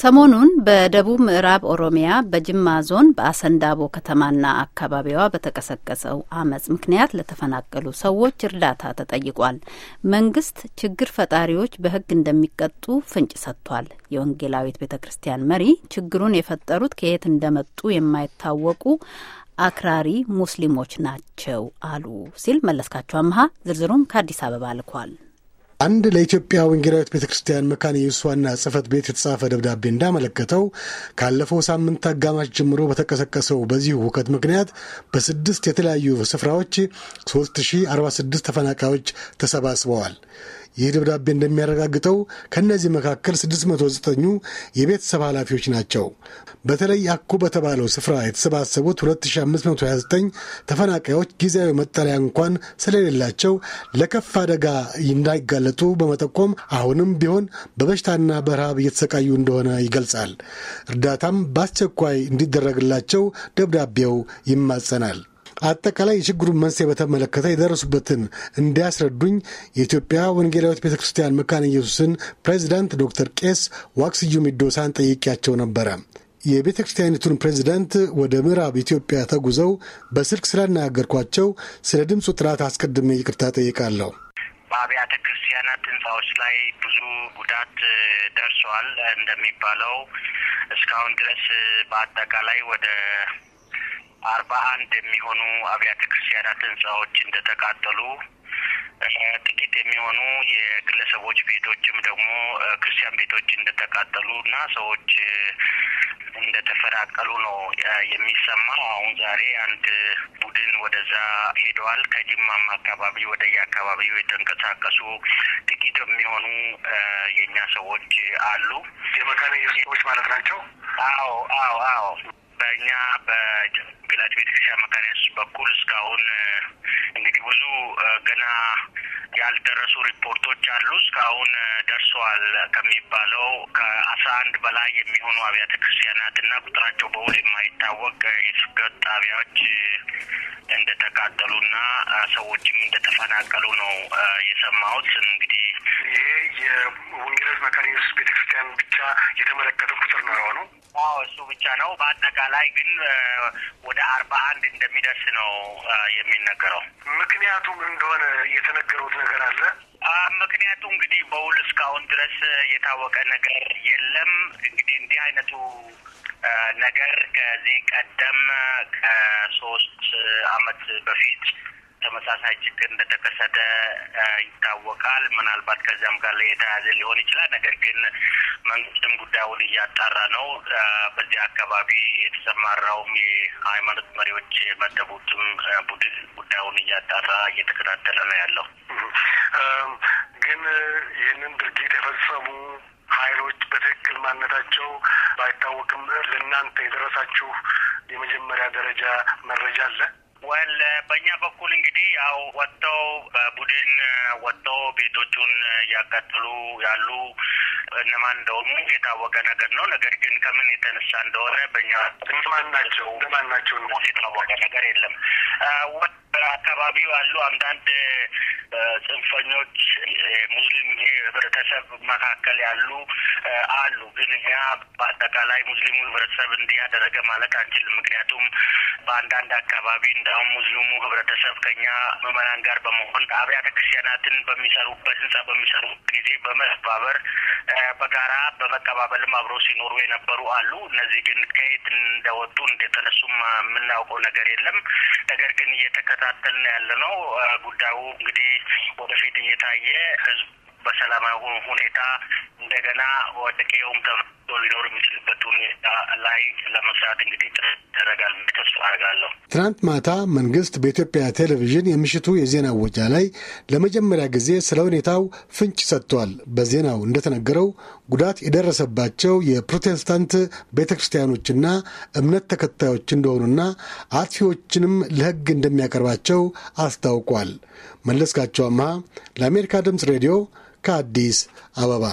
ሰሞኑን በደቡብ ምዕራብ ኦሮሚያ በጅማ ዞን በአሰንዳቦ ከተማና አካባቢዋ በተቀሰቀሰው አመጽ ምክንያት ለተፈናቀሉ ሰዎች እርዳታ ተጠይቋል። መንግስት ችግር ፈጣሪዎች በሕግ እንደሚቀጡ ፍንጭ ሰጥቷል። የወንጌላዊት ቤተ ክርስቲያን መሪ ችግሩን የፈጠሩት ከየት እንደመጡ የማይታወቁ አክራሪ ሙስሊሞች ናቸው አሉ ሲል መለስካቸው አምሀ ዝርዝሩም ከአዲስ አበባ ልኳል። አንድ ለኢትዮጵያ ወንጌላዊት ቤተ ክርስቲያን መካነ ኢየሱስ ዋና ቤት የተጻፈ ደብዳቤ እንዳመለከተው ካለፈው ሳምንት አጋማሽ ጀምሮ በተቀሰቀሰው በዚሁ ሁከት ምክንያት በስድስት የተለያዩ ስፍራዎች 3046 ተፈናቃዮች ተሰባስበዋል። ይህ ደብዳቤ እንደሚያረጋግጠው ከእነዚህ መካከል 609ኙ የቤተሰብ ኃላፊዎች ናቸው። በተለይ አኩ በተባለው ስፍራ የተሰባሰቡት 2529 ተፈናቃዮች ጊዜያዊ መጠለያ እንኳን ስለሌላቸው ለከፍ አደጋ እንዳይጋለጡ በመጠቆም አሁንም ቢሆን በበሽታና በረሃብ እየተሰቃዩ እንደሆነ ይገልጻል። እርዳታም በአስቸኳይ እንዲደረግላቸው ደብዳቤው ይማጸናል። አጠቃላይ የችግሩን መንስኤ በተመለከተ የደረሱበትን እንዲያስረዱኝ የኢትዮጵያ ወንጌላዊት ቤተ ክርስቲያን መካነ ኢየሱስን ፕሬዚዳንት ዶክተር ቄስ ዋክስዩ ሚዶሳን ጠይቄያቸው ነበረ። የቤተ ክርስቲያኒቱን ፕሬዚዳንት ወደ ምዕራብ ኢትዮጵያ ተጉዘው በስልክ ስላናገርኳቸው ስለ ድምፁ ጥራት አስቀድሜ ይቅርታ ጠይቃለሁ። በአብያተ ክርስቲያናት ህንፃዎች ላይ ብዙ ጉዳት ደርሰዋል። እንደሚባለው እስካሁን ድረስ በአጠቃላይ ወደ አርባ አንድ የሚሆኑ አብያተ ክርስቲያናት ህንጻዎች እንደተቃጠሉ ጥቂት የሚሆኑ የግለሰቦች ቤቶችም ደግሞ ክርስቲያን ቤቶች እንደተቃጠሉ እና ሰዎች እንደተፈናቀሉ ነው የሚሰማው። አሁን ዛሬ አንድ ቡድን ወደዛ ሄደዋል። ከጅማም አካባቢ ወደ የአካባቢው የተንቀሳቀሱ ጥቂት የሚሆኑ የእኛ ሰዎች አሉ። የመካነ ሰዎች ማለት ናቸው። አዎ፣ አዎ፣ አዎ በእኛ በ ወላጅ ቤተክርስቲያን መካነ ኢየሱስ በኩል እስካሁን እንግዲህ ብዙ ገና ያልደረሱ ሪፖርቶች አሉ። እስካሁን ደርሰዋል ከሚባለው ከአስራ አንድ በላይ የሚሆኑ አብያተ ክርስቲያናት እና ቁጥራቸው በውል የማይታወቅ የስብከት ጣቢያዎች እንደተቃጠሉና ሰዎችም እንደተፈናቀሉ ነው የሰማሁት። እንግዲህ ይሄ የወንጌላዊት መካነ ኢየሱስ ቤተክርስቲያን ብቻ የተመለከተ ቁጥር ነው የሆነው እሱ ብቻ ነው። በአጠቃላይ ግን ወደ አርባ አንድ እንደሚደርስ ነው የሚነገረው። ምክንያቱም እንደሆነ የተነገሩት ነገር አለ። ምክንያቱ እንግዲህ በውል እስካሁን ድረስ የታወቀ ነገር የለም። እንግዲህ እንዲህ አይነቱ ነገር ከዚህ ቀደም ከሶስት አመት በፊት ተመሳሳይ ችግር እንደተከሰተ ይታወቃል። ምናልባት ከዚያም ጋር የተያያዘ ሊሆን ይችላል። ነገር ግን መንግስትም ጉዳዩን እያጣራ ነው። በዚህ አካባቢ የተሰማራውም የሃይማኖት መሪዎች የመደቡትም ቡድን ጉዳዩን እያጣራ እየተከታተለ ነው ያለው። ግን ይህንን ድርጊት የፈጸሙ ኃይሎች በትክክል ማንነታቸው ባይታወቅም ለእናንተ የደረሳችሁ የመጀመሪያ ደረጃ መረጃ አለ? ወል በእኛ በኩል እንግዲህ ያው ወጥተው በቡድን ወጥተው ቤቶቹን እያቃጠሉ ያሉ እነማን እንደሆኑ የታወቀ ነገር ነው። ነገር ግን ከምን የተነሳ እንደሆነ በእኛ ማን ናቸው ናቸው የታወቀ ነገር የለም። አካባቢው ያሉ አንዳንድ ጽንፈኞች ሙስሊም ህብረተሰብ መካከል ያሉ አሉ። ግን እኛ በአጠቃላይ ሙስሊሙ ህብረተሰብ እንዲያደረገ ማለት አንችልም። ምክንያቱም በአንዳንድ አካባቢ እንዳሁም ሙስሊሙ ህብረተሰብ ከኛ ምዕመናን ጋር በመሆን አብያተ ክርስቲያናትን በሚሰሩበት ህንጻ በሚሰሩበት ጊዜ በመባበር በጋራ በመቀባበልም አብረው ሲኖሩ የነበሩ አሉ። እነዚህ ግን ከየት እንደወጡ እንደተነሱም የምናውቀው ነገር የለም። ነገር ግን እየተከታተልን ያለ ነው። ጉዳዩ እንግዲህ ወደፊት እየታየ ህዝቡ በሰላማዊ ሁኔታ እንደገና ወደ ቀዬውም ተመልሶ ሊኖር የሚችልበት ሁኔታ ላይ ለመስራት እንግዲህ ጥረት ይደረጋል። ተስፋ አደርጋለሁ። ትናንት ማታ መንግስት በኢትዮጵያ ቴሌቪዥን የምሽቱ የዜና ወጃ ላይ ለመጀመሪያ ጊዜ ስለ ሁኔታው ፍንጭ ሰጥቷል። በዜናው እንደተነገረው ጉዳት የደረሰባቸው የፕሮቴስታንት ቤተ ክርስቲያኖችና እምነት ተከታዮች እንደሆኑና አጥፊዎችንም ለሕግ እንደሚያቀርባቸው አስታውቋል። መለስካቸው አምሃ ለአሜሪካ ድምፅ ሬዲዮ ከአዲስ አበባ